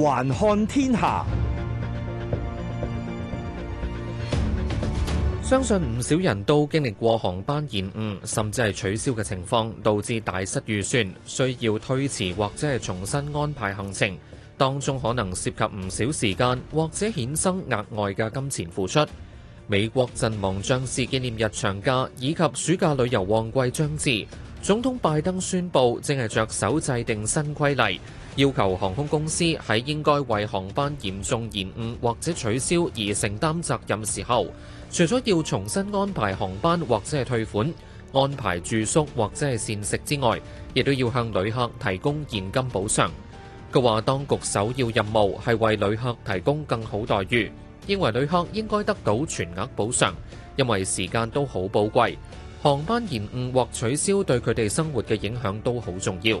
環看天下，相信唔少人都經歷過航班延誤，甚至係取消嘅情況，導致大失預算，需要推遲或者係重新安排行程，當中可能涉及唔少時間，或者衍生額外嘅金錢付出。美國陣亡將士紀念日長假以及暑假旅遊旺季將至，總統拜登宣布正係着手制定新規例。要求航空公司喺應該為航班嚴重延誤或者取消而承擔責任時候，除咗要重新安排航班或者係退款、安排住宿或者係膳食之外，亦都要向旅客提供現金補償，佢話當局首要任務係為旅客提供更好待遇，認為旅客應該得到全額補償，因為時間都好寶貴，航班延誤或取消對佢哋生活嘅影響都好重要。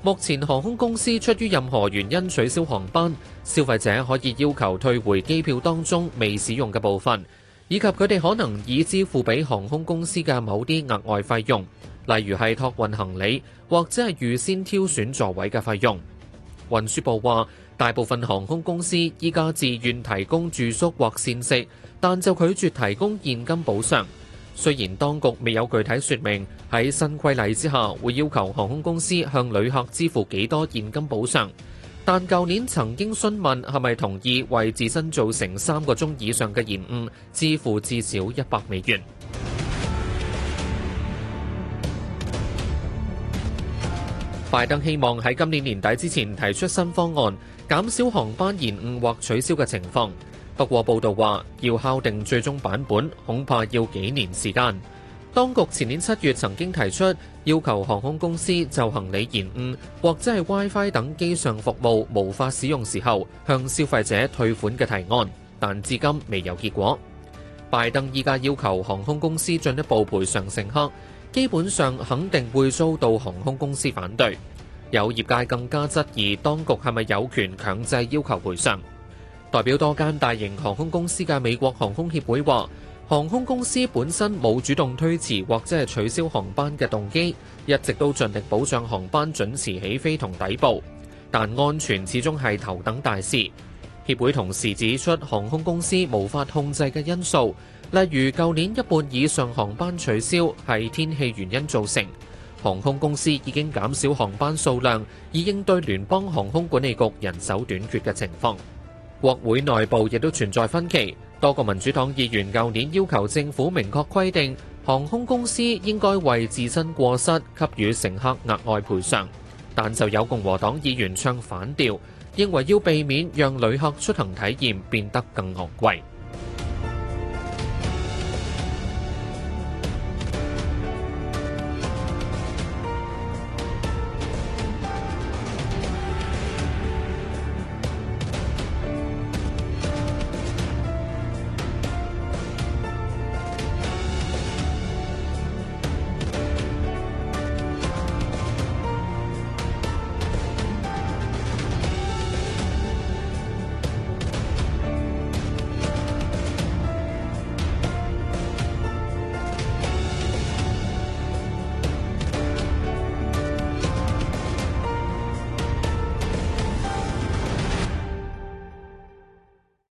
目前航空公司出於任何原因取消航班，消費者可以要求退回機票當中未使用嘅部分，以及佢哋可能已支付俾航空公司嘅某啲額外費用，例如係託運行李或者係預先挑選座位嘅費用。運輸部話，大部分航空公司依家自願提供住宿或膳食，但就拒絕提供現金補償。雖然當局未有具體說明，喺新規例之下會要求航空公司向旅客支付幾多現金補償，但舊年曾經詢問係咪同意為自身造成三個鐘以上嘅延誤，支付至少一百美元。拜登希望喺今年年底之前提出新方案，減少航班延誤或取消嘅情況。不過，報道話要敲定最終版本，恐怕要幾年時間。當局前年七月曾經提出要求航空公司就行李延誤或者係 WiFi 等機上服務無法使用時候向消費者退款嘅提案，但至今未有結果。拜登依家要求航空公司進一步賠償乘客，基本上肯定會遭到航空公司反對。有業界更加質疑當局係咪有權強制要求賠償。代表多間大型航空公司嘅美國航空協會話，航空公司本身冇主動推遲或者係取消航班嘅動機，一直都盡力保障航班準時起飛同抵步。但安全始終係頭等大事。協會同時指出，航空公司無法控制嘅因素，例如舊年一半以上航班取消係天氣原因造成。航空公司已經減少航班數量，以應對聯邦航空管理局人手短缺嘅情況。國會內部亦都存在分歧，多個民主黨議員舊年要求政府明確規定航空公司應該為自身過失給予乘客額外賠償，但就有共和黨議員唱反調，認為要避免讓旅客出行體驗變得更昂貴。